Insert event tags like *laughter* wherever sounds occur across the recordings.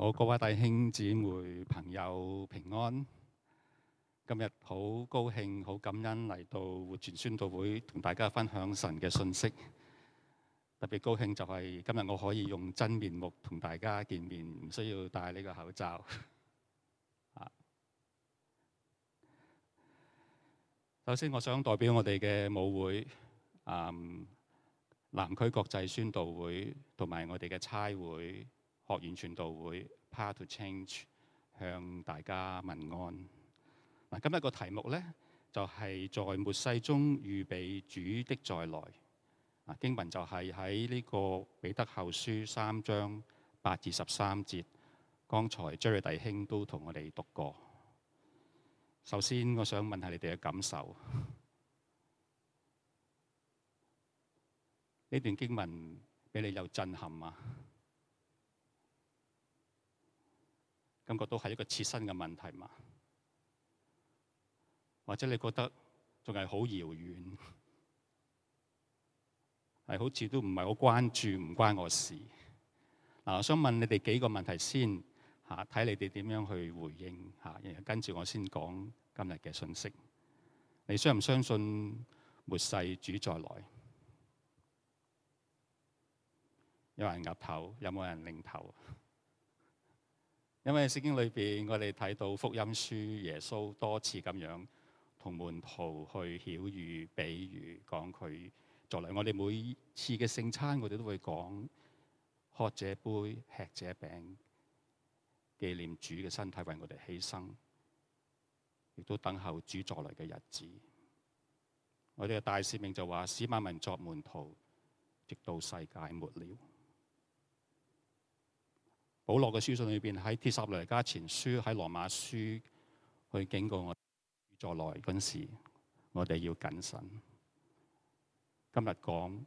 我各位弟兄姊妹、朋友平安。今日好高興、好感恩嚟到活泉宣道會同大家分享神嘅信息。特別高興就係今日我可以用真面目同大家見面，唔需要戴呢個口罩。 *laughs* 首先，我想代表我哋嘅舞會，南區國際宣道會同埋我哋嘅差會。學園傳道會 Power to Change 向大家問安。嗱，今日個題目呢，就係、是、在末世中預備主的再來。啊，經文就係喺呢個彼得後書三章八至十三節。剛才 Jerry 弟兄都同我哋讀過。首先，我想問下你哋嘅感受。呢 *laughs* 段經文俾你有震撼嗎，啊？感覺都係一個切身嘅問題嘛？或者你覺得仲係好遙遠，係好似都唔係好關注，唔關我事。嗱、啊，我想問你哋幾個問題先嚇，睇、啊、你哋點樣去回應嚇、啊，然後跟住我先講今日嘅信息。你相唔相信末世主再來？有人岌頭？有冇人擰頭？因為聖經裏邊，我哋睇到福音書耶穌多次咁樣同門徒去曉喻、比喻，講佢再來。我哋每次嘅聖餐，我哋都會講喝這杯、吃這餅，紀念主嘅身體為我哋犧牲，亦都等候主再來嘅日子。我哋嘅大使命就話：使萬民作門徒，直到世界末了。保羅嘅書信裏邊，喺《帖撒羅尼迦前書》、喺《羅馬書》去警告我，在來嗰時，我哋要謹慎。今日講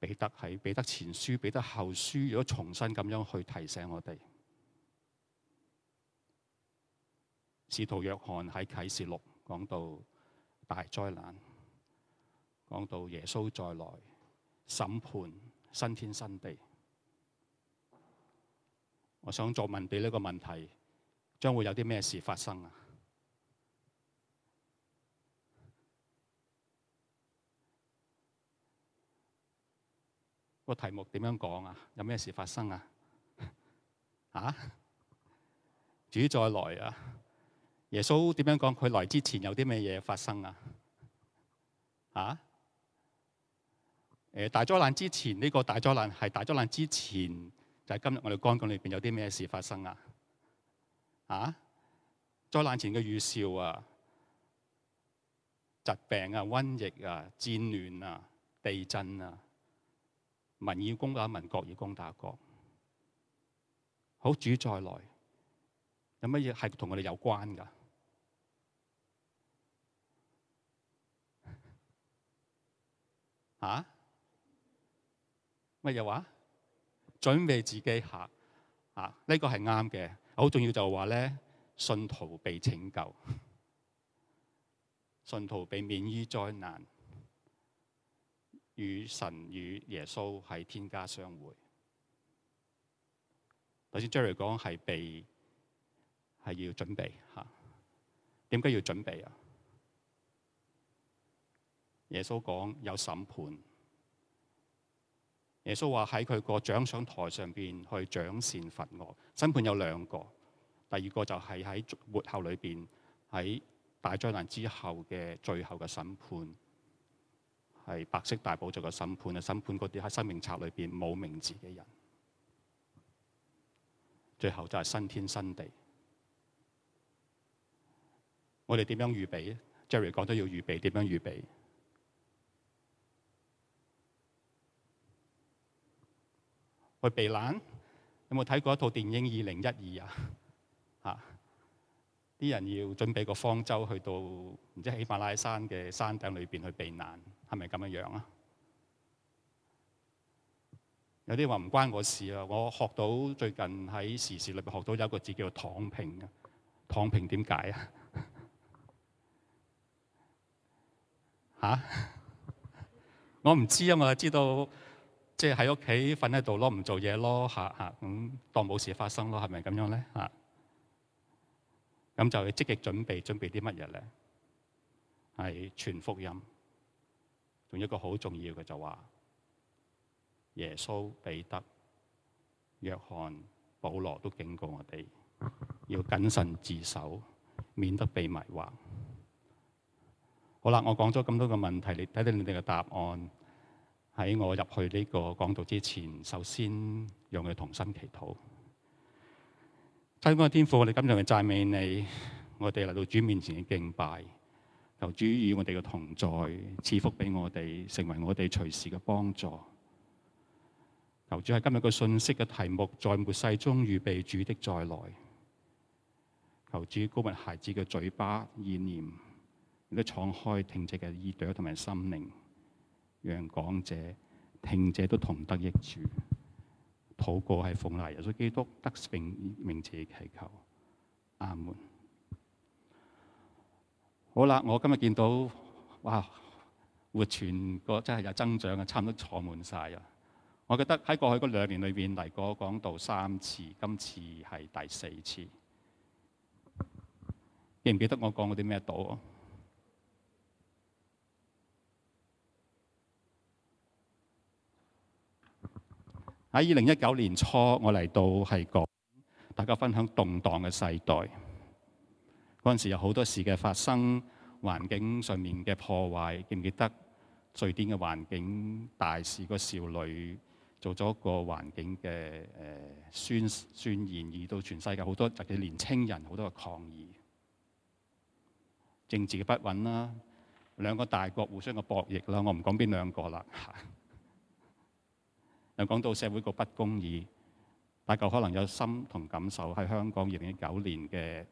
彼得喺《彼得前書》、《彼得後書》，如果重新咁樣去提醒我哋，使徒約翰喺《啟示錄》講到大災難，講到耶穌再來、審判新天新地。我想再問你呢個問題，將會有啲咩事發生啊？個題目點樣講啊？有咩事發生啊？啊？主再來啊？耶穌點樣講？佢來之前有啲咩嘢發生啊？啊？誒，大災難之前呢個大災難係大災難之前？這個喺今日我哋干講裏邊有啲咩事發生啊？啊！災難前嘅預兆啊，疾病啊，瘟疫啊，戰亂啊，地震啊，民要攻打民，國要攻打國。好，主再來，有乜嘢係同我哋有關噶？嚇？乜嘢話？準備自己嚇，啊！呢、這個係啱嘅，好重要就係話咧，信徒被拯救，信徒被免於災難，與神與耶穌喺天家相會。頭先 Jerry 講係被係要準備嚇，點、啊、解要準備啊？耶穌講有審判。耶穌話喺佢個掌上台上面去賞善罰惡，審判有兩個，第二個就係喺末後裏面，喺大災難之後嘅最後嘅審判，係白色大寶座嘅審判啊！審判嗰啲喺生命冊裏邊冇名字嘅人，最後就係新天新地。我哋點樣預備？Jerry 講到要預備，點樣預備？去避難？有冇睇過一套電影《二零一二》啊？嚇！啲人要準備個方舟去到唔知喜馬拉雅山嘅山頂裏邊去避難，係咪咁樣樣啊？有啲話唔關我事啊！我學到最近喺時事裏邊學到有一個字叫做躺平嘅，躺平點解啊？吓？我唔知啊，我知道。即係喺屋企瞓喺度咯，唔做嘢咯，嚇、啊、嚇，咁、啊嗯、當冇事發生咯，係咪咁樣咧？嚇、啊，咁、啊啊、就要積極準備，準備啲乜嘢咧？係傳福音，仲有一個好重要嘅就話、是，耶穌、彼得、約翰、保羅都警告我哋，要謹慎自守，免得被迷惑。好啦，我講咗咁多個問題，看看你睇睇你哋嘅答案。喺我入去呢個講道之前，首先讓我哋同心祈禱。天光天父，我哋今日讚美你，我哋嚟到主面前嘅敬拜，求主與我哋嘅同在，賜福俾我哋，成為我哋隨時嘅幫助。求主喺今日嘅信息嘅題目，在末世中預備主的再來。求主膏抹孩子嘅嘴巴、意念，都敞開、聽者嘅耳朵同埋心靈。讓講者、聽者都同得益處，禱告係奉賴，耶穌基督得勝名字祈求，阿門。好啦，我今日見到，哇，活全個真係有增長啊，差唔多坐滿晒啊！我記得喺過去嗰兩年裏邊嚟過講道三次，今次係第四次。記唔記得我講嗰啲咩道啊？喺二零一九年初，我嚟到係講大家分享動盪嘅世代。嗰陣時有好多事嘅發生，環境上面嘅破壞，記唔記得瑞典嘅環境大事？個少女做咗個環境嘅誒、呃、宣宣言，而到全世界好多特別年青人好多嘅抗議、政治嘅不穩啦，兩個大國互相嘅博弈啦，我唔講邊兩個啦。 *laughs* 又講到社會個不公義，大家可能有心同感受。喺香港二零一九年嘅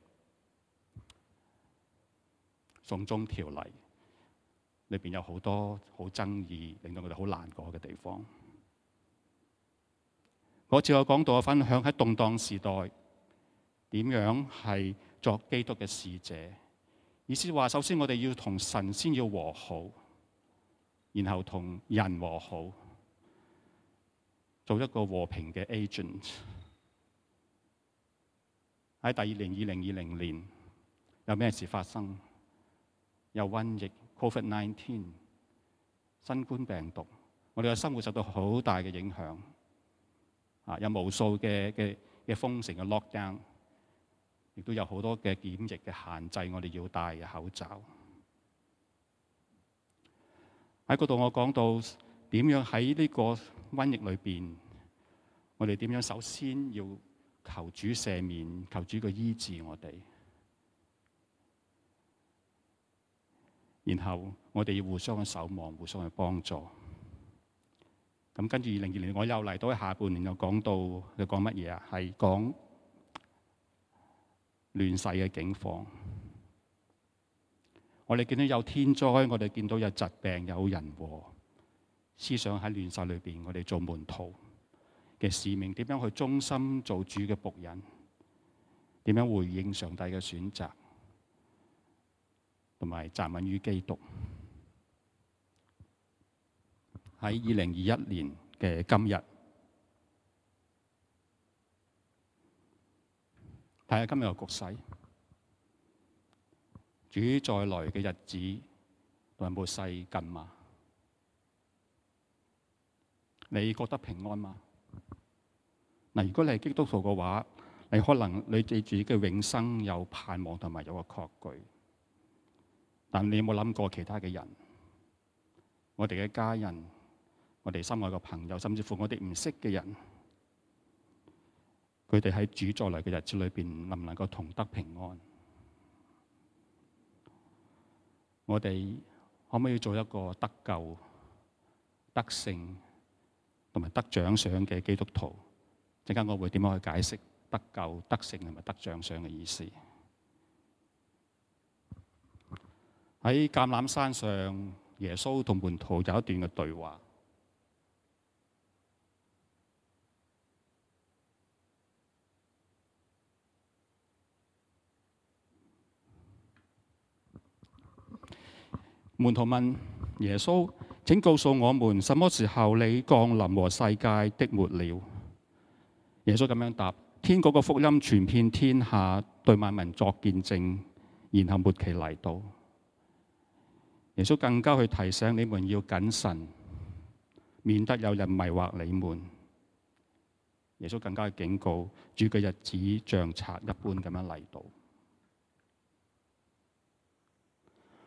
送終條例送中條例裏邊，裏面有好多好爭議，令到我哋好難過嘅地方。我最後講到嘅分享喺動盪時代，點樣係作基督嘅使者？意思話，首先我哋要同神先要和好，然後同人和好。做一個和平嘅 agent。喺第二年二零二零年，有咩事發生？有瘟疫 （COVID-19、新冠病毒），我哋嘅生活受到好大嘅影響。啊，有無數嘅嘅嘅封城嘅 lockdown，亦都有好多嘅檢疫嘅限制，我哋要戴口罩。喺嗰度我講到。點樣喺呢個瘟疫裏邊，我哋點樣首先要求主赦免，求主個醫治我哋，然後我哋要互相去守望，互相去幫助。咁跟住二零二零年，我又嚟到下半年，又講到又講乜嘢啊？係講亂世嘅境況。我哋見到有天災，我哋見到有疾病，有人禍。思想喺亂世裏邊，我哋做門徒嘅使命，點樣去忠心做主嘅僕人？點樣回應上帝嘅選擇，同埋站穩於基督？喺二零二一年嘅今日，睇下今日嘅局勢，主再來嘅日子，離末世近嗎？你覺得平安嗎？嗱，如果你係基督徒嘅話，你可能你對自己嘅永生有盼望，同埋有個確據。但你有冇諗過其他嘅人？我哋嘅家人、我哋心愛嘅朋友，甚至乎我哋唔識嘅人，佢哋喺主再來嘅日子裏面，能唔能夠同得平安？我哋可唔可以做一個得救、得勝？同埋得獎賞嘅基督徒，陣間我會點樣去解釋得救、得勝同埋得獎賞嘅意思？喺橄欖山上，耶穌同門徒有一段嘅對話。門徒問耶穌。請告訴我們什麼時候你降臨和世界的末了？耶穌咁樣答，天國嘅福音傳遍天下，對萬民作見證，然後末期嚟到。耶穌更加去提醒你們要謹慎，免得有人迷惑你們。耶穌更加去警告，主嘅日子像賊一般咁樣嚟到。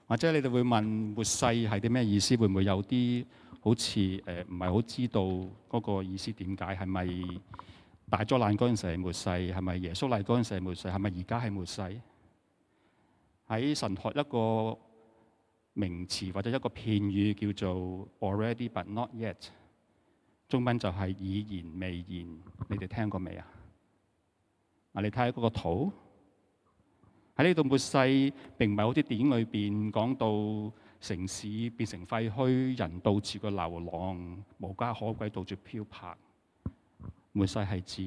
或者你哋會問末世係啲咩意思？會唔會有啲好似誒唔係好知道嗰個意思點解？係咪大災難嗰陣時係末世？係咪耶穌嚟嗰陣時係末世？係咪而家係末世？喺神學一個名詞或者一個片語叫做 already but not yet，中文就係已然未然。你哋聽過未啊？嗱，你睇下嗰個圖。喺呢度，末世，並唔係好似電影裏邊講到城市變成廢墟，人到處個流浪，無家可歸，到處漂泊。末世係指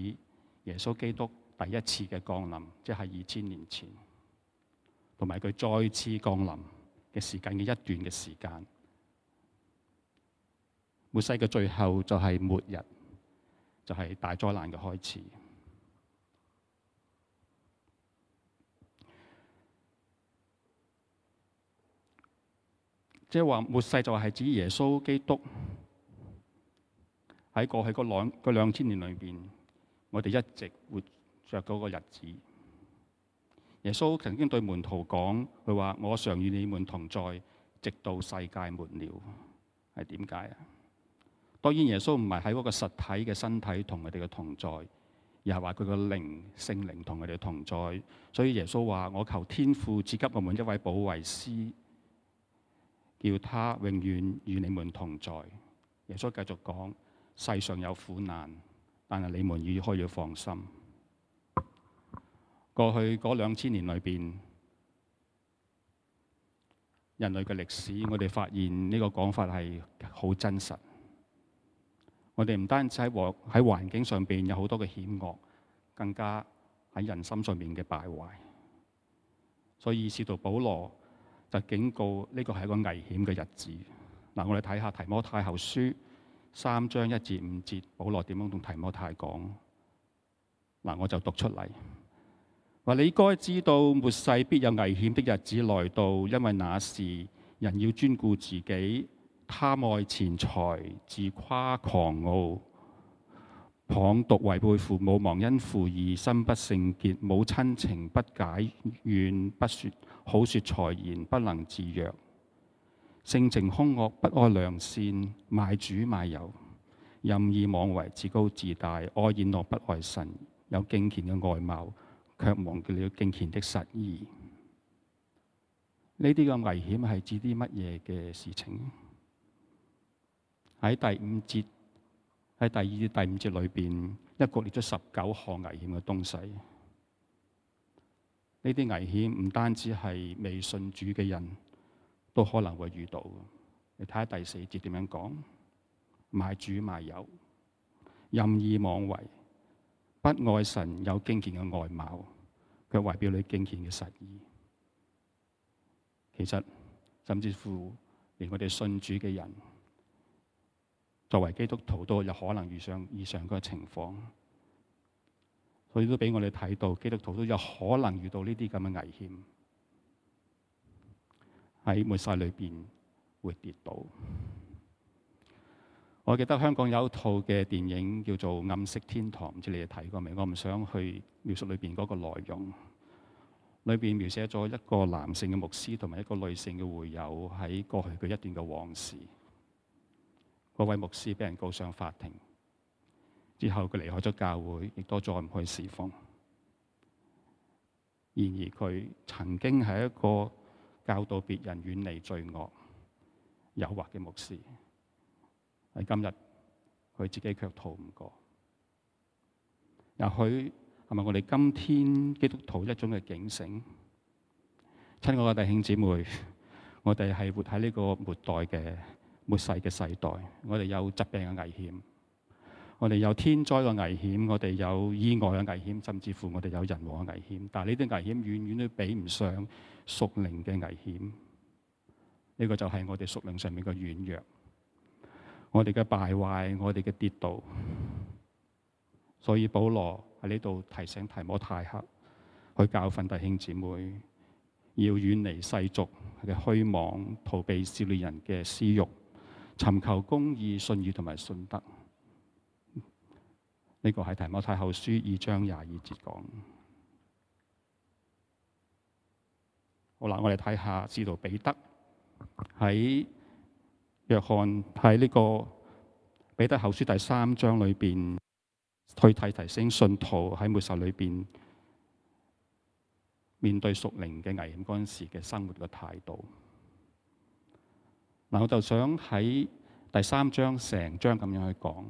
耶穌基督第一次嘅降臨，即係二千年前，同埋佢再次降臨嘅時間嘅一段嘅時間。末世嘅最後就係末日，就係、是、大災難嘅開始。即係話末世就係指耶穌基督喺過去嗰兩兩千年裏邊，我哋一直活着嗰個日子。耶穌曾經對門徒講：佢話我常與你們同在，直到世界末了。係點解啊？當然耶穌唔係喺嗰個實體嘅身體同佢哋嘅同在，而係話佢嘅靈、聖靈同佢哋嘅同在。所以耶穌話：我求天父賜給我們一位保惠師。要他永遠與你們同在。耶穌繼續講：世上有苦難，但係你們已可以放心。過去嗰兩千年裏邊，人類嘅歷史，我哋發現呢個講法係好真實。我哋唔單止喺環喺環境上邊有好多嘅險惡，更加喺人心上面嘅敗壞。所以使徒保羅。就警告呢個係一個危險嘅日子。嗱、啊，我哋睇下提摩太後書三章一至五節，保羅點樣同提摩太講？嗱、啊，我就讀出嚟。話、啊：你該知道末世必有危險的日子來到，因為那時人要專顧自己，貪愛錢財，自誇狂傲，謗讟違背父母，忘恩負義，心不聖潔，無親情不解怨，不說。好說財言，不能自約；性情凶惡，不愛良善，賣主賣友，任意妄為，自高自大，愛宴樂，不愛神。有敬虔嘅外貌，卻忘記了敬虔的實意。呢啲嘅危險係指啲乜嘢嘅事情？喺第五節，喺第二至第五節裏邊，一共列咗十九項危險嘅東西。呢啲危險唔單止係未信主嘅人都可能會遇到。你睇下第四節點樣講？賣主賣友、任意妄為、不愛神，有敬虔嘅外貌，卻表裏敬虔嘅實意。其實甚至乎連我哋信主嘅人，作為基督徒都有可能遇上以上嗰個情況。佢都俾我哋睇到，基督徒都有可能遇到呢啲咁嘅危險喺末世裏邊會跌倒。我記得香港有一套嘅電影叫做《暗色天堂》，唔知你哋睇過未？我唔想去描述裏邊嗰個內容。裏邊描寫咗一個男性嘅牧師同埋一個女性嘅會友喺過去嘅一段嘅往事。嗰位牧師俾人告上法庭。之後佢離開咗教會，亦都再唔去侍奉。然而佢曾經係一個教導別人遠離罪惡、誘惑嘅牧師，喺今日佢自己卻逃唔過。也許係咪我哋今天基督徒一種嘅警醒？親愛嘅弟兄姊妹，我哋係活喺呢個末代嘅末世嘅世代，我哋有疾病嘅危險。我哋有天災嘅危險，我哋有意外嘅危險，甚至乎我哋有人禍嘅危險。但係呢啲危險遠遠都比唔上屬靈嘅危險。呢、這個就係我哋屬靈上面嘅軟弱，我哋嘅敗壞，我哋嘅跌倒。所以保羅喺呢度提醒提摩太克，去教訓弟兄姊妹，要遠離世俗嘅虛妄，逃避少年人嘅私慾，尋求公義、信義同埋信德。呢個係提摩太後書二章廿二節講。好啦，我哋睇下使徒彼得喺約翰喺呢個彼得後書第三章裏邊，去提提升信徒喺末世裏邊面對屬靈嘅危險嗰陣時嘅生活嘅態度。嗱，我就想喺第三章成章咁樣去講。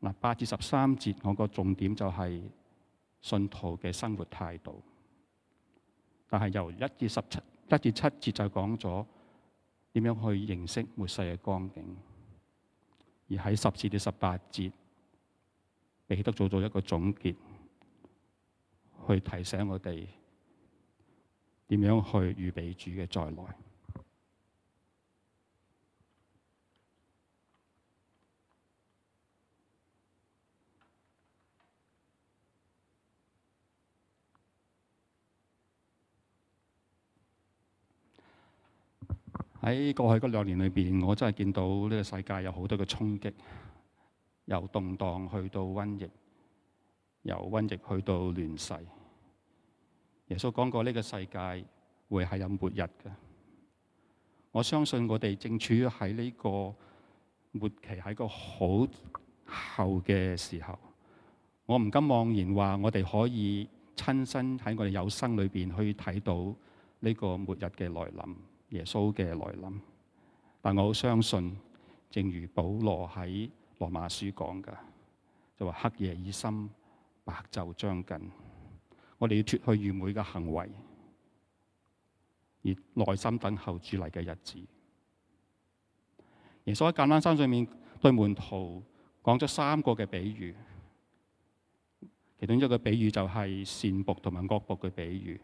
嗱，八至十三節，我個重點就係信徒嘅生活態度。但係由一至十七一至七節就講咗點樣去認識末世嘅光景，而喺十至至十八節，彼得做咗一個總結，去提醒我哋點樣去預備主嘅再來。喺過去嗰兩年裏邊，我真係見到呢個世界有好多嘅衝擊，由動盪去到瘟疫，由瘟疫去到亂世。耶穌講過呢個世界會係有末日嘅。我相信我哋正處於喺呢個末期，係一個好後嘅時候。我唔敢妄言話我哋可以親身喺我哋有生裏邊去睇到呢個末日嘅來臨。耶穌嘅來臨，但我好相信，正如保羅喺羅馬書講嘅，就話黑夜已深，白晝將近，我哋要脫去愚昧嘅行為，而耐心等候主嚟嘅日子。耶穌喺橄欖山上面對門徒講咗三個嘅比喻，其中一個比喻就係善僕同埋惡僕嘅比喻，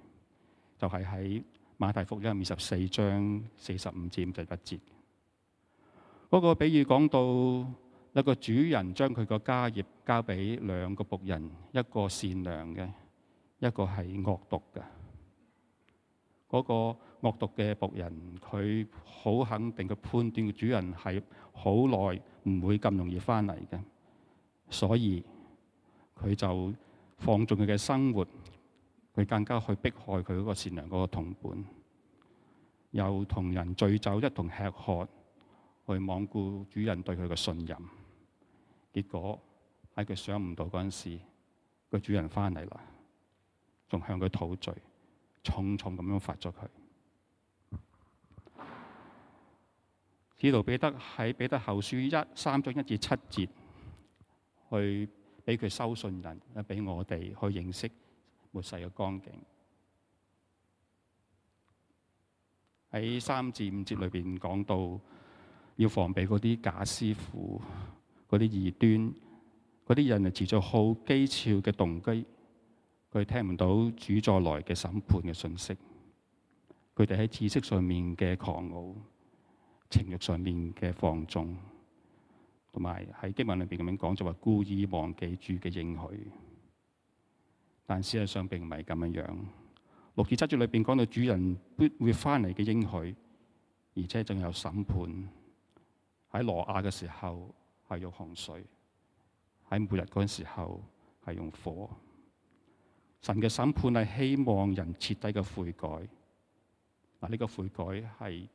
就係喺。馬太福音二十四章四十五至五十一節，嗰個比喻講到一個主人將佢個家業交俾兩個僕人，一個善良嘅，一個係惡毒嘅。嗰個惡毒嘅僕人，佢好肯定嘅判斷，個主人係好耐唔會咁容易翻嚟嘅，所以佢就放縱佢嘅生活。佢更加去迫害佢嗰個善良嗰個同伴，又同人醉酒一同吃喝，去罔顧主人對佢嘅信任。結果喺佢想唔到嗰陣時，個主人翻嚟啦，仲向佢討罪，重重咁樣罰咗佢。使徒彼得喺彼得後書一三章一至七節，去俾佢收信人，啊，俾我哋去認識。末世嘅光景，喺三至五節裏邊講到，要防備嗰啲假師傅、嗰啲異端、嗰啲人係持續好譏誚嘅動機，佢聽唔到主再來嘅審判嘅信息，佢哋喺知識上面嘅狂傲、情欲上面嘅放縱，同埋喺經文裏邊咁樣講，就話故意忘記主嘅應許。但事實上並唔係咁樣樣，六至七節裏邊講到主人必會翻嚟嘅應許，而且仲有審判。喺羅亞嘅時候係用洪水，喺末日嗰陣時候係用火。神嘅審判係希望人徹底嘅悔改。嗱，呢個悔改係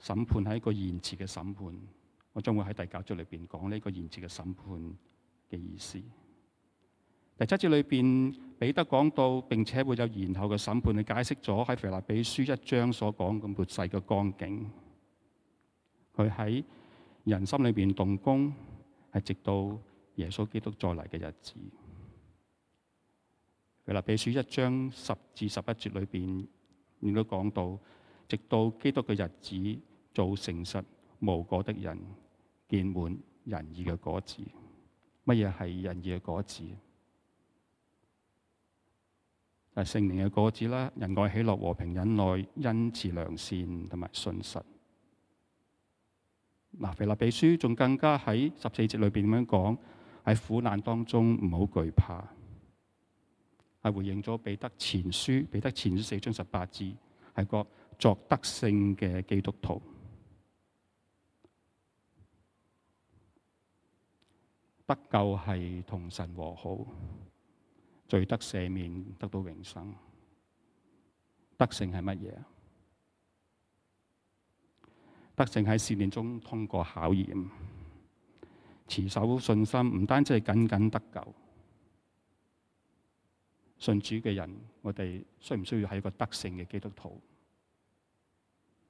審判係一個延遲嘅審判。我將會喺第九節裏邊講呢個延遲嘅審判嘅意思。第七節裏邊，彼得講到並且會有延後嘅審判，去解釋咗喺腓立比書一章所講嘅末世嘅光景。佢喺人心裏邊動工，係直到耶穌基督再嚟嘅日子。腓立比書一章十至十一節裏邊，亦都講到，直到基督嘅日子，做誠實無過的人，見滿仁義嘅果子。乜嘢係仁義嘅果子？係聖靈嘅果子啦，仁愛、喜樂、和平、忍耐、恩慈、良善同埋信實。嗱、啊，腓立比書仲更加喺十四節裏邊點樣講？係苦難當中唔好懼怕，係回應咗彼得前書彼得前書四章十八字，係個作得勝嘅基督徒，得救係同神和好。罪得赦免，得到永生。得勝係乜嘢？得勝喺試煉中通過考驗，持守信心，唔單止係僅僅得救。信主嘅人，我哋需唔需要係一個得勝嘅基督徒？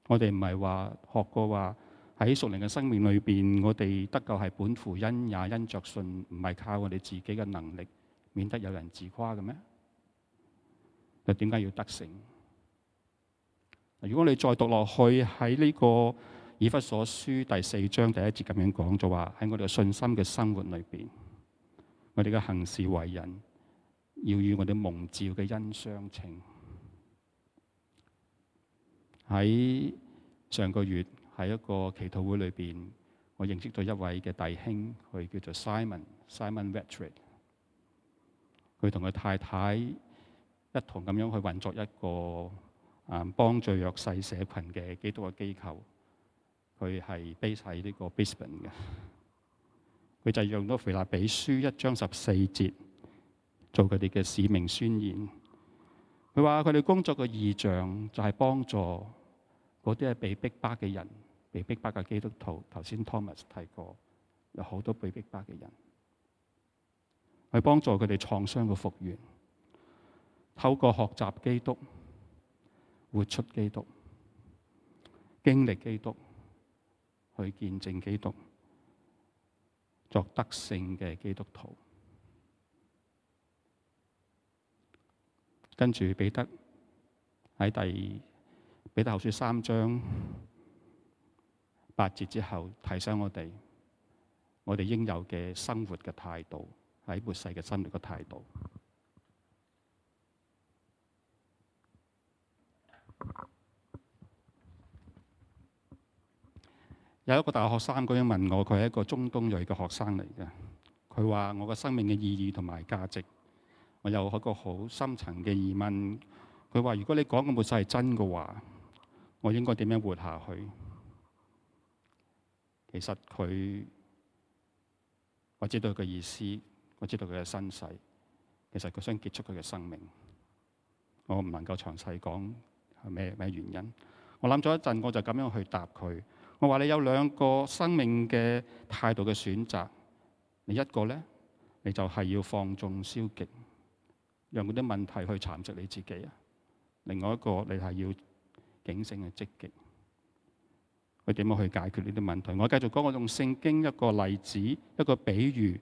我哋唔係話學過話喺屬靈嘅生命裏邊，我哋得救係本乎恩也因着信，唔係靠我哋自己嘅能力。免得有人自誇嘅咩？又點解要得勝？如果你再讀落去喺呢個以弗所書第四章第一節咁樣講，就話喺我哋嘅信心嘅生活裏邊，我哋嘅行事為人要與我哋蒙召嘅恩相稱。喺上個月喺一個祈禱會裏邊，我認識咗一位嘅弟兄，佢叫做 Simon Simon Vetre。佢同佢太太一同咁樣去運作一個啊幫助弱勢社群嘅基督嘅機構，佢係 base 喺呢個 Basement 嘅，佢就用咗腓立比書一章十四節做佢哋嘅使命宣言。佢話佢哋工作嘅異象就係幫助嗰啲係被逼迫嘅人，被逼迫嘅基督徒。頭先 Thomas 提過，有好多被逼迫嘅人。去幫助佢哋創傷嘅復原，透過學習基督、活出基督、經歷基督、去見證基督，作得勝嘅基督徒。跟住彼得喺第二，彼得後書三章八節之後，提醒我哋我哋應有嘅生活嘅態度。喺末世嘅生命嘅態度，有一個大學生咁樣問我，佢係一個中東裔嘅學生嚟嘅。佢話：我嘅生命嘅意義同埋價值，我有一個好深層嘅疑問。佢話：如果你講嘅末世係真嘅話，我應該點樣活下去？其實佢，我知道佢嘅意思。我知道佢嘅身世，其實佢想結束佢嘅生命。我唔能夠詳細講係咩咩原因。我諗咗一陣，我就咁樣去答佢。我話，你有兩個生命嘅態度嘅選擇。你一個呢，你就係要放縱消極，讓嗰啲問題去蠶食你自己啊。另外一個，你係要警醒嘅積極。佢點樣去解決呢啲問題。我繼續講，我用聖經一個例子，一個比喻。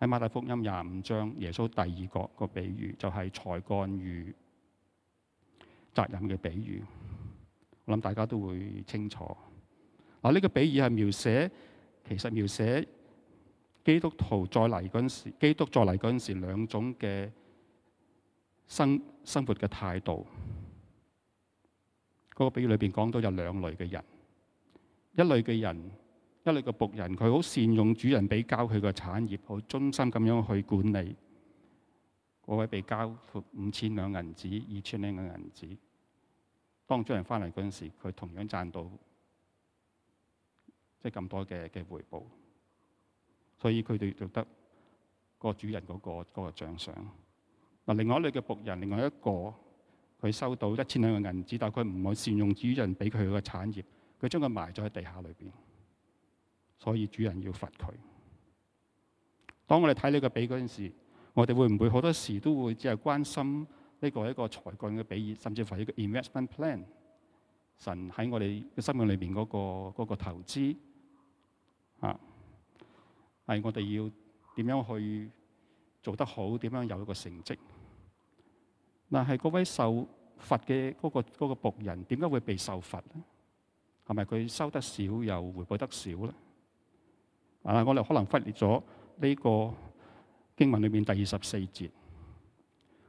喺馬太福音廿五章，耶穌第二個個比喻就係才幹與責任嘅比喻。我諗大家都會清楚。嗱，呢個比喻係描寫，其實描寫基督徒再嚟嗰陣時，基督再嚟嗰陣時兩種嘅生生活嘅態度。嗰個比喻裏邊講到有兩類嘅人，一類嘅人。一類嘅僕人，佢好善用主人俾交佢個產業，好忠心咁樣去管理。嗰位被交五千兩銀子、二千兩銀子，當主人翻嚟嗰陣時，佢同樣賺到即係咁多嘅嘅回報，所以佢哋就得個主人嗰個嗰個獎賞。嗱，另外一類嘅僕人，另外一個佢收到一千兩銀子，但係佢唔去善用主人俾佢個產業，佢將佢埋咗喺地下裏邊。所以主人要罰佢。當我哋睇呢個比嗰陣時，我哋會唔會好多時都會只係關心呢個一個才幹嘅比，甚至乎一個 investment plan 神，那個。神喺我哋嘅生命裏面嗰個個嗰投資啊，係我哋要點樣去做得好，點樣有一個成績？但係嗰位受罰嘅嗰個僕人，點解會被受罰咧？係咪佢收得少又回報得少咧？嗱，我哋可能忽略咗呢個經文裏面第二十四節，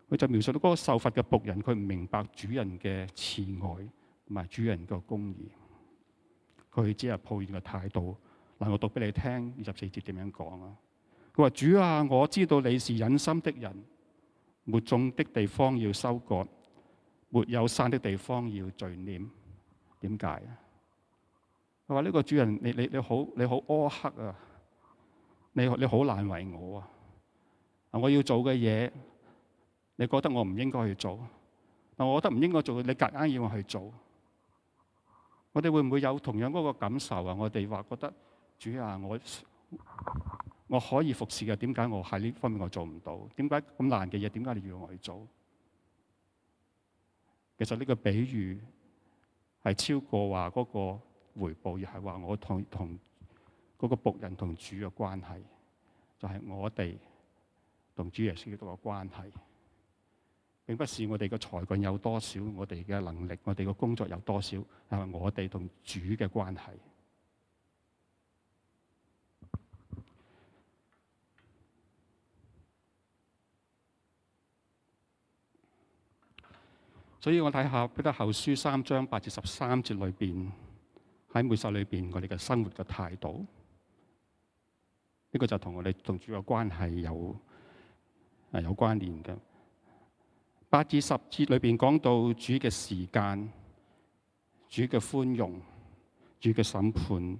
佢就描述到嗰個受罰嘅僕人，佢唔明白主人嘅慈愛同埋主人嘅公義，佢只係抱怨嘅態度。嗱，我讀俾你聽，二十四節點樣講啊？佢話：主啊，我知道你是忍心的人，沒種的地方要收割，沒有山的地方要聚斂。點解啊？佢話呢個主人，你你你好你好苛刻啊！你你好難為我啊！我要做嘅嘢，你覺得我唔應該去做？但我覺得唔應該做，你夾硬要我去做。我哋會唔會有同樣嗰個感受啊？我哋話覺得主啊，我我可以服侍嘅，點解我喺呢方面我做唔到？點解咁難嘅嘢，點解你要我去做？其實呢個比喻係超過話嗰個。回報又係話，我同同嗰個僕人同主嘅關係，就係我哋同主耶穌嘅關係。並不是我哋嘅財棍有多少，我哋嘅能力，我哋嘅工作有多少，係我哋同主嘅關係。所以我睇下《彼得後書》三章八至十三節裏邊。喺末世裏邊，我哋嘅生活嘅態度，呢個就同我哋同主嘅關係有係有關連嘅。八至十節裏邊講到主嘅時間、主嘅寬容、主嘅審判，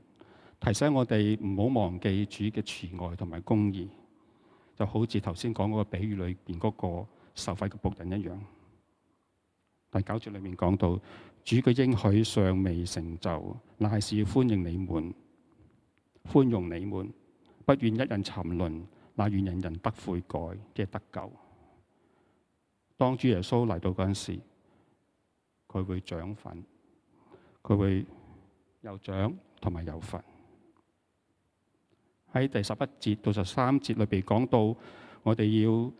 提醒我哋唔好忘記主嘅慈愛同埋公義，就好似頭先講嗰個比喻裏邊嗰個受罰嘅僕人一樣。但九節裏面講到。主嘅應許尚未成就，乃是要歡迎你們，寬容你們，不願一人沉淪，乃願人人得悔改，即係得救。當主耶穌嚟到嗰陣時，佢會長粉，佢會有長同埋有粉。喺第十一節到十三節裏邊講到，我哋要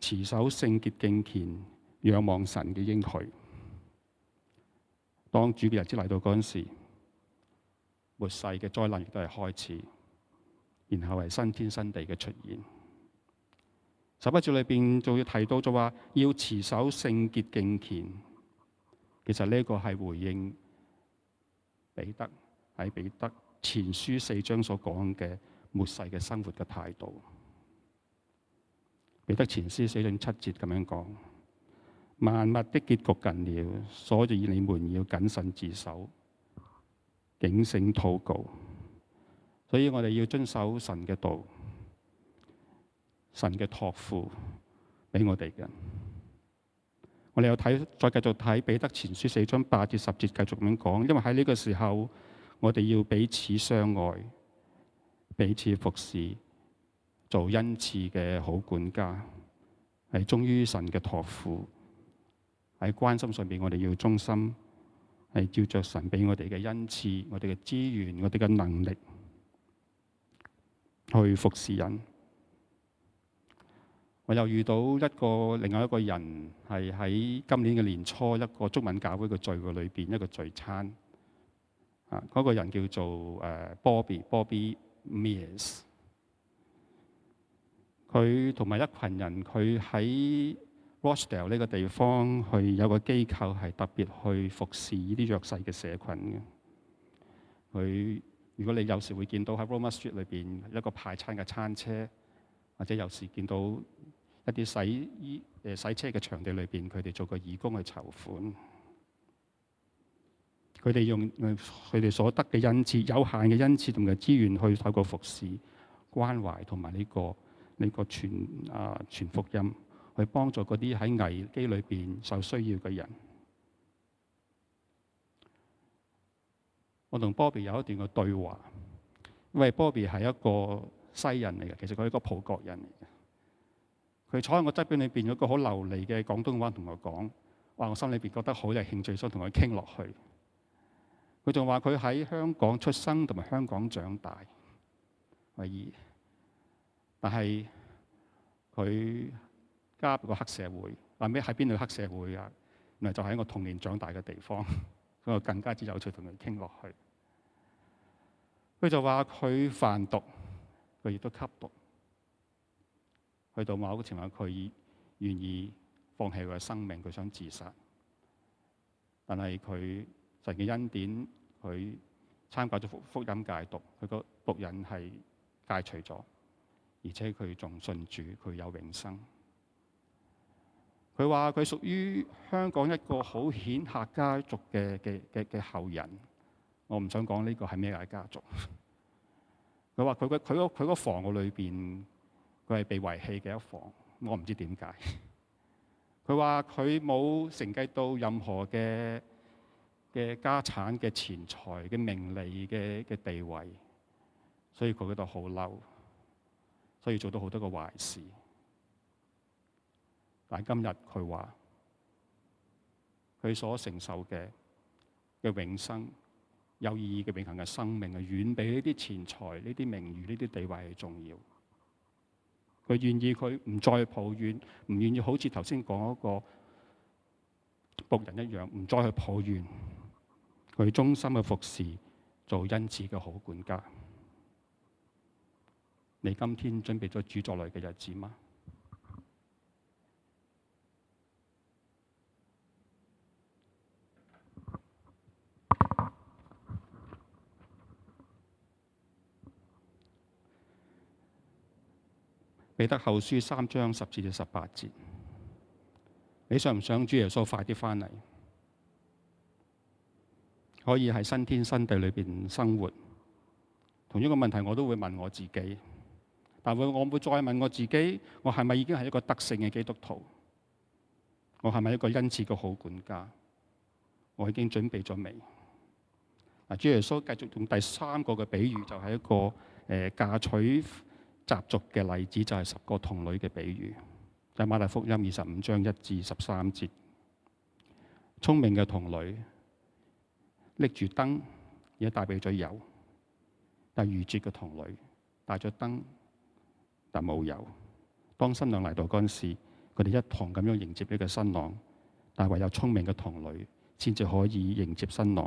持守聖潔敬虔，仰望神嘅應許。當主嘅日子嚟到嗰陣時，末世嘅災難亦都係開始，然後係新天新地嘅出現。十一節裏邊仲要提到就話要持守聖潔敬虔。其實呢一個係回應彼得喺彼得前書四章所講嘅末世嘅生活嘅態度。彼得前書四章七節咁樣講。萬物的結局近了，所以你們要謹慎自守，警醒禱告。所以我哋要遵守神嘅道，神嘅託付俾我哋嘅。我哋又睇再繼續睇彼得前書四章八至十節，繼續咁講。因為喺呢個時候，我哋要彼此相愛，彼此服侍，做恩賜嘅好管家，係忠於神嘅託付。喺關心上邊，我哋要忠心，係照著神俾我哋嘅恩賜、我哋嘅資源、我哋嘅能力去服侍人。我又遇到一個另外一個人，係喺今年嘅年初一個中文教會嘅聚會裏邊一個聚餐。啊，嗰個人叫做誒 Bob Bobby Bobby Meares，佢同埋一群人，佢喺 Rochdale 呢個地方，佢有個機構係特別去服侍呢啲弱勢嘅社群嘅。佢，如果你有時會見到喺 Roma Street 裏邊一個派餐嘅餐車，或者有時見到一啲洗衣、誒、呃、洗車嘅場地裏邊，佢哋做個義工去籌款。佢哋用佢哋所得嘅恩賜、有限嘅恩賜同埋資源去透過服侍、關懷同埋呢個呢、呢個傳啊傳福音。去幫助嗰啲喺危機裏邊受需要嘅人。我同 Bobby 有一段嘅對話，因為 Bobby 係一個西人嚟嘅，其實佢係一個葡國人嚟嘅。佢坐喺我側邊裏邊，有個好流利嘅廣東話同我講，哇！我心裏邊覺得好有興趣，想同佢傾落去。佢仲話佢喺香港出生同埋香港長大，係二，但係佢，加個黑社會，話咩？喺邊度黑社會啊？原來就係喺我童年長大嘅地方，咁 *laughs* 啊更加之有趣，同佢傾落去。佢就話佢販毒，佢亦都吸毒。去到某一個情況，佢願意放棄佢嘅生命，佢想自殺。但係佢神嘅恩典，佢參加咗福福音戒毒，佢個毒癮係戒除咗，而且佢仲信主，佢有永生。佢話：佢屬於香港一個好顯赫家族嘅嘅嘅嘅後人。我唔想講呢個係咩嘢家族。佢 *laughs* 話：佢個佢佢個房屋裏邊，佢係被遺棄嘅一房。我唔知點解。佢話：佢冇承繼到任何嘅嘅家產、嘅錢財、嘅名利、嘅嘅地位，所以佢覺得好嬲，所以做到好多個壞事。但今日佢話佢所承受嘅嘅永生有意義嘅永恒嘅生命，係遠比呢啲錢財、呢啲名譽、呢啲地位係重要。佢願意佢唔再抱怨，唔願意好似頭先講嗰個僕人一樣，唔再去抱怨，佢忠心去服侍，做恩賜嘅好管家。你今天準備咗主再來嘅日子嗎？彼得後書三章十至十八節。你想唔想主耶穌快啲翻嚟，可以喺新天新地裏邊生活？同一個問題我都會問我自己，但會，會我會再問我自己，我係咪已經係一個得勝嘅基督徒？我係咪一個恩賜嘅好管家？我已經準備咗未？嗱，主耶穌繼續用第三個嘅比喻，就係、是、一個誒嫁娶。習俗嘅例子就係十個童女嘅比喻，喺、就係、馬太福音二十五章一至十三節。聰明嘅童女拎住燈，而且帶備咗油；但愚拙嘅童女帶咗燈，但冇油。當新娘嚟到嗰陣時，佢哋一同咁樣迎接呢個新郎，但唯有聰明嘅童女先至可以迎接新郎，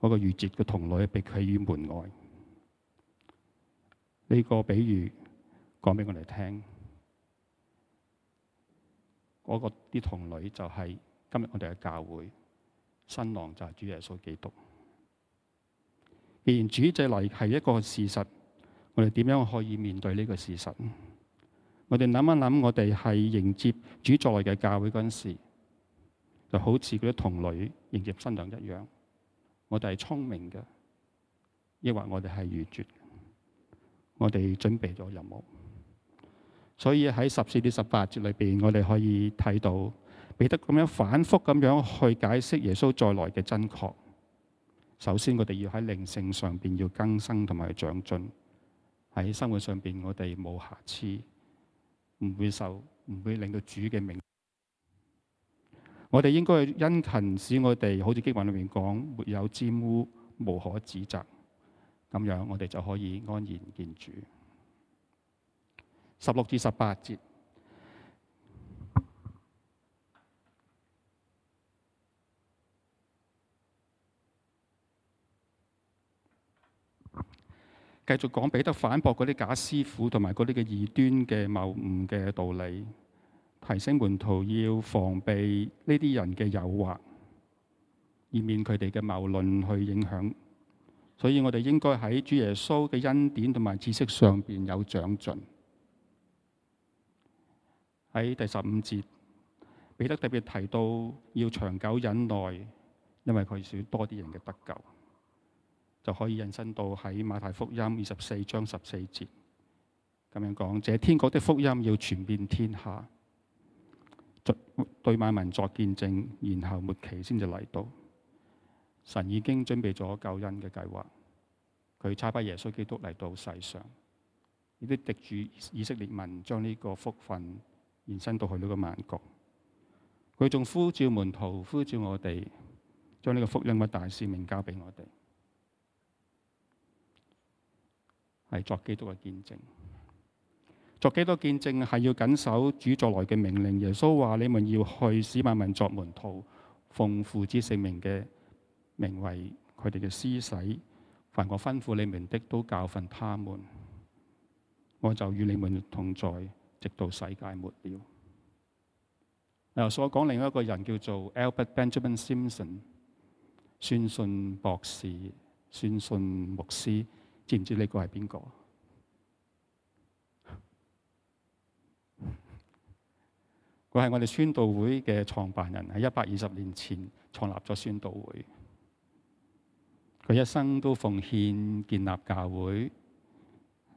嗰、嗰個愚拙嘅童女被拒於門外。呢個比喻講俾我哋聽，那個、嗰啲童女就係今日我哋嘅教會，新郎就係主耶穌基督。既然主嘅再嚟係一個事實，我哋點樣可以面對呢個事實？我哋諗一諗，我哋係迎接主再嚟嘅教會嗰陣時，就好似嗰啲童女迎接新郎一樣。我哋係聰明嘅，抑或我哋係愚拙？我哋準備咗任務，所以喺十四至十八節裏邊，我哋可以睇到彼得咁樣反覆咁樣去解釋耶穌再來嘅真確。首先，我哋要喺靈性上邊要更生同埋長進，喺生活上邊我哋冇瑕疵，唔會受，唔會令到主嘅名。我哋應該去殷勤，使我哋好似經文裏面講，沒有沾污，無可指責。咁樣，我哋就可以安然見主。十六至十八節，繼續講彼得反駁嗰啲假師傅同埋嗰啲嘅異端嘅謬誤嘅道理，提醒門徒要防備呢啲人嘅誘惑，以免佢哋嘅謬論去影響。所以我哋應該喺主耶穌嘅恩典同埋知識上邊有長進。喺第十五節，彼得特別提到要長久忍耐，因為佢想多啲人嘅得救，就可以引申到喺馬太福音二十四章十四節咁樣講：這天國的福音要傳遍天下對，對萬民作見證，然後末期先至嚟到。神已經準備咗救恩嘅計劃，佢差派耶穌基督嚟到世上，啲敵主以色列民將呢個福分延伸到去呢個萬國。佢仲呼召門徒，呼召我哋，將呢個福音嘅大使命交俾我哋，係作基督嘅見證。作基督見證係要緊守主作來嘅命令。耶穌話：你們要去使萬民作門徒，奉父之聖名嘅。名為佢哋嘅施洗，凡我吩咐你們的，都教訓他們。我就與你們同在，直到世界末了。嗱，所講另外一個人叫做 Albert Benjamin Simpson，宣信博士、宣信牧師，知唔知呢個係邊個？佢係我哋宣道會嘅創辦人，喺一百二十年前創立咗宣道會。佢一生都奉獻建立教會，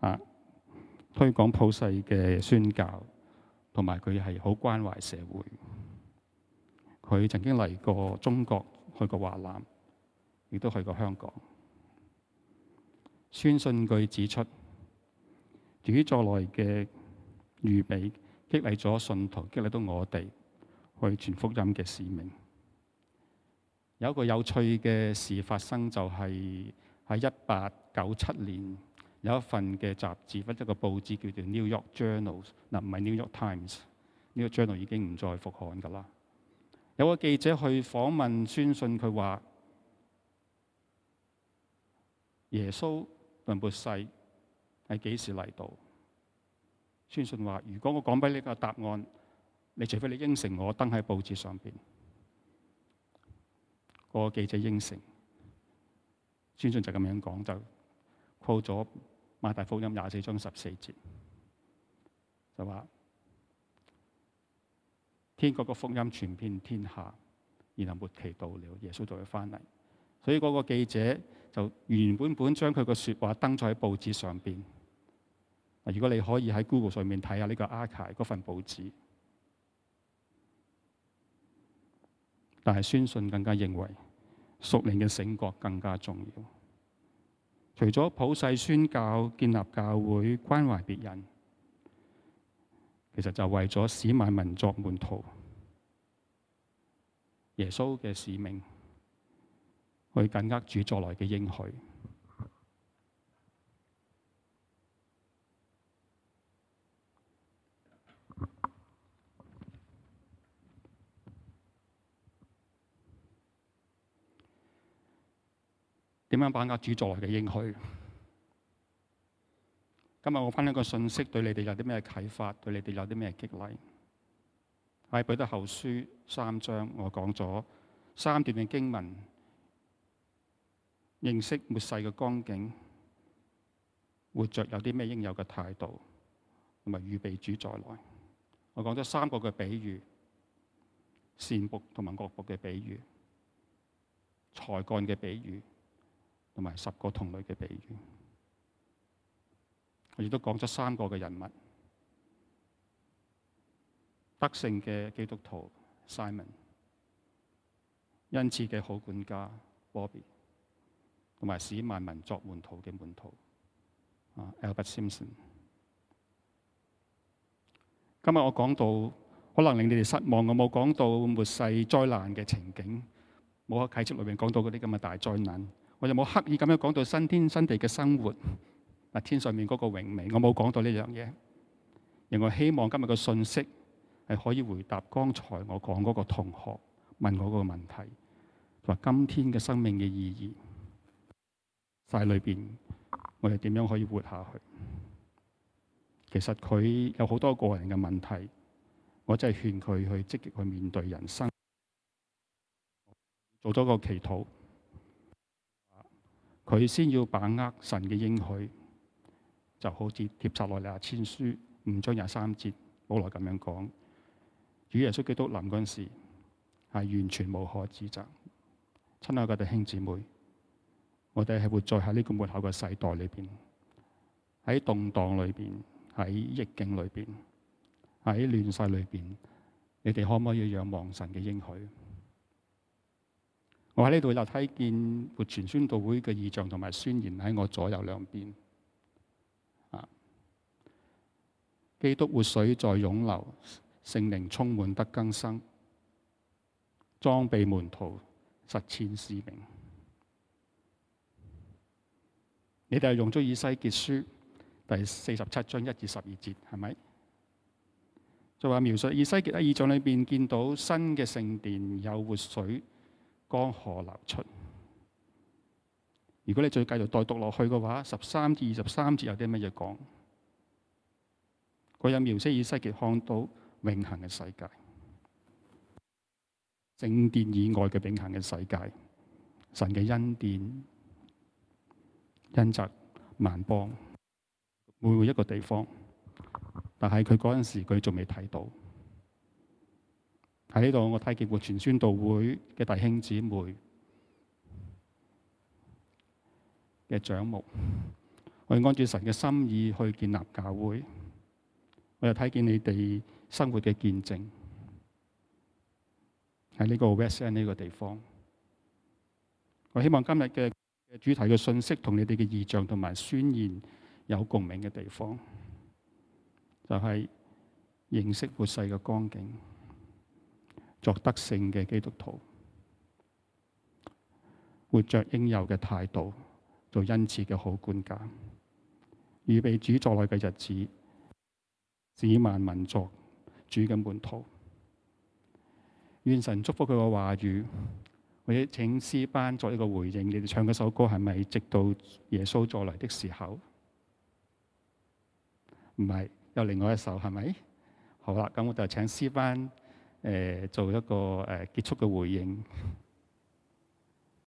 啊，推廣普世嘅宣教，同埋佢係好關懷社會。佢曾經嚟過中國，去過華南，亦都去過香港。宣信據指出，主再來嘅預備激勵咗信徒，激勵到我哋去傳福音嘅使命。有一個有趣嘅事發生，就係喺一八九七年有一份嘅雜誌，或者個報紙叫做 New York Journal，嗱，唔係 New York Times，New York Journal 已經唔再復刊噶啦。有個記者去訪問宣信，佢話：耶穌論末世係幾時嚟到？宣信話：如果我講俾你個答案，你除非你應承我登喺報紙上邊。個記者應承，宣信就咁樣講，就 Quote 咗馬大福音廿四章十四節，就話天國個福音傳遍天下，然後末期到了，耶穌就會翻嚟。所以嗰個記者就原本本將佢個説話登喺報紙上邊。如果你可以喺 Google 上面睇下呢個 Archive 嗰份報紙，但係宣信更加認為。熟練嘅醒覺更加重要，除咗普世宣教、建立教會、關懷別人，其實就為咗使萬民作門徒，耶穌嘅使命，去緊握主再來嘅應許。點樣把握主再來嘅應許？今日我分享個信息，對你哋有啲咩啟發？對你哋有啲咩激勵？喺、哎《彼得後書》三章，我講咗三段嘅經文，認識末世嘅光景，活着有啲咩應有嘅態度，同埋預備主再來。我講咗三個嘅比喻，善僕同埋惡僕嘅比喻，才幹嘅比喻。同埋十個同類嘅比喻，我亦都講咗三個嘅人物：德性嘅基督徒 Simon，恩賜嘅好管家 Bobby，同埋使萬民作門徒嘅門徒啊 Albert Simpson。今日我講到可能令你哋失望，我冇講到末世災難嘅情景，冇喺啟節裏邊講到嗰啲咁嘅大災難。我有冇刻意咁樣講到新天新地嘅生活？嗱，天上面嗰個榮美，我冇講到呢樣嘢。另外，希望今日嘅信息係可以回答剛才我講嗰個同學問我嗰個問題，話今天嘅生命嘅意義，晒裏邊我哋點樣可以活下去？其實佢有好多個人嘅問題，我真係勸佢去積極去面對人生，做咗個祈禱。佢先要把握神嘅應許，就好似帖撒羅尼亞書五章廿三節，冇奈咁樣講。與耶穌基督臨嗰陣時係完全無可指責。親愛嘅弟兄姊妹，我哋係活在喺呢個末後嘅世代裏邊，喺動盪裏邊，喺逆境裏邊，喺亂世裏邊，你哋可唔可以仰望神嘅應許？我喺呢度就睇見活泉宣道會嘅異象同埋宣言喺我左右兩邊。啊！基督活水在湧流，聖靈充滿得更新，裝備門徒實踐使命。你哋係用咗以西結書第四十七章一至十二節，係咪？就話描述以西結喺異象裏邊見到新嘅聖殿有活水。江河流出。如果你再繼續代讀落去嘅話，十三至二十三節有啲乜嘢講？佢有描述以西結看到永恆嘅世界，聖殿以外嘅永恆嘅世界，神嘅恩典、恩澤、萬邦，每一個地方。但係佢嗰陣時佢仲未睇到。喺呢度，我睇見活泉宣道會嘅弟兄姊妹嘅掌目，去按住神嘅心意去建立教會。我又睇見你哋生活嘅見證喺呢個 West End 呢個地方。我希望今日嘅主題嘅信息同你哋嘅異象同埋宣言有共鳴嘅地方，就係認識末世嘅光景。作德性嘅基督徒，活着應有嘅態度，做恩慈嘅好管家，預備主再來嘅日子，使萬民作主嘅門徒。願神祝福佢嘅話語，或者請詩班作一個回應。你哋唱嗰首歌係咪直到耶穌再來的時候？唔係，有另外一首係咪？好啦，咁我就請詩班。誒做一個誒結束嘅回應。